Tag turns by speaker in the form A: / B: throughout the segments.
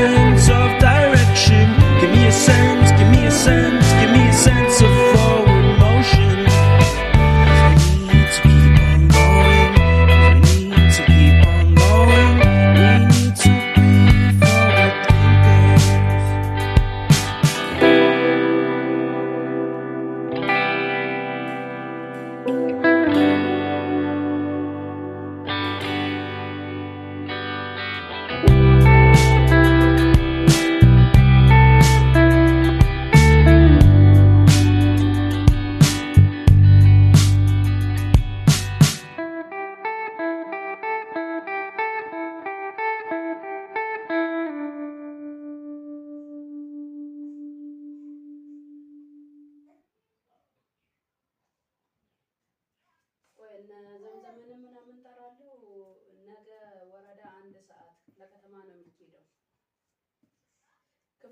A: you.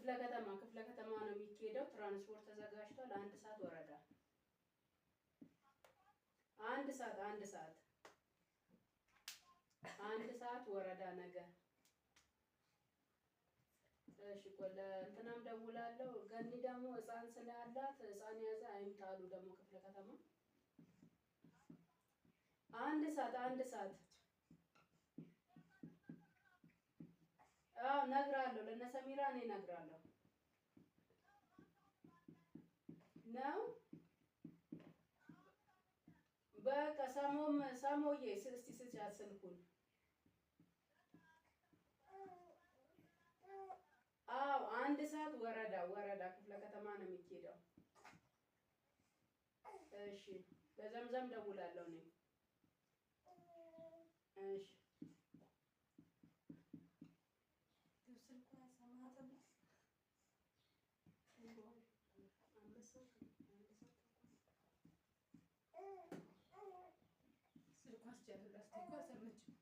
B: ክፍለ ከተማ ክፍለ ከተማ ነው የሚካሄደው። ትራንስፖርት ተዘጋጅቷል። አንድ ሰዓት ወረዳ፣ አንድ ሰዓት አንድ ሰዓት አንድ ሰዓት ወረዳ ነገ። እሺ ቆለ እንትናም ደውላለሁ። ገኒ ደግሞ ህፃን ስላላት ህፃን ያዘ አይምጣሉ ደግሞ ክፍለ ከተማ አንድ ሰዓት አንድ ሰዓት አዎ እነግራለሁ። ለእነ ሰሚራ እኔ እነግራለሁ ነው በቃ ሰሞም ሰሞዬ ስጫት ስልኩን። አዎ አንድ ሰዓት ወረዳ ወረዳ ክፍለ ከተማ ነው የሚኬደው። እሺ ለዘምዘም ደውላለሁ እኔ። እሺ
C: Koy sen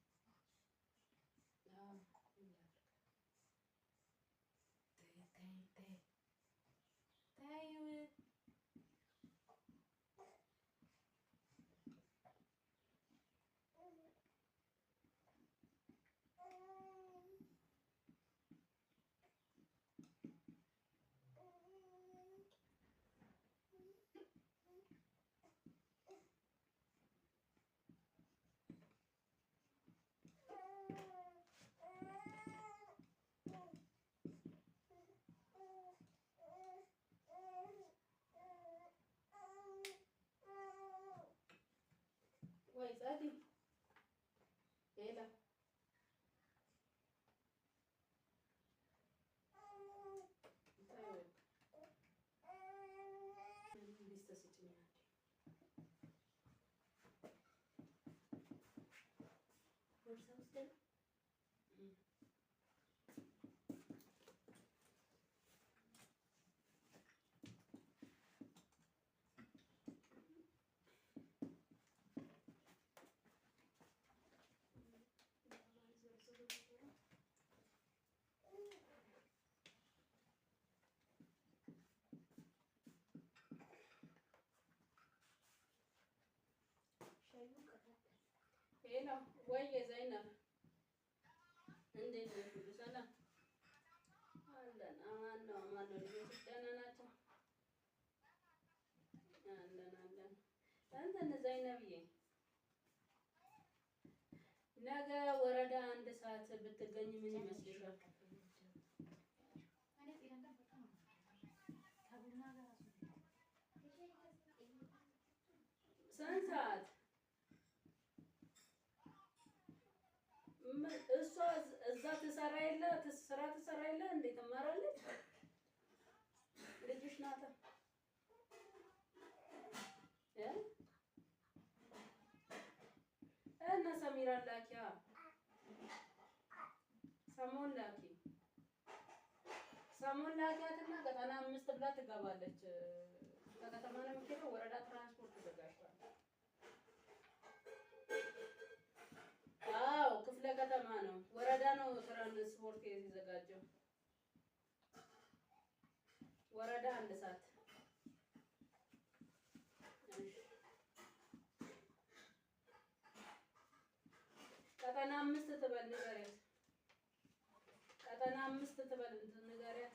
B: to me, Auntie. still. ወይዬ ዘይነብ እንዴት ነሽ? ሁሉ ሰላም አለን። አማን ነው አማን ነው። ልጆች ደህና ናቸው? አለን አለን። እንትን ዘይነብዬ ነገ ወረዳ አንድ ሰዓት ብትገኝ ምን ይመስልሻል? እዛ ትሰራ የለ ስራ ትሰራ የለ እንዴ ትማራለች። ልጅሽ ናታ እና ሰሚራ ላኪያ ሰሞን ላኪ ሰሞን ላኪያትና ቀጠና አምስት ብላ ትገባለች። ከከተማ ነው የምትሄደው ወረዳ ትራንስፖርት ቀጠና አምስት ትበል ንገሪያት። ቀጠና አምስት ትበል ንገሪያት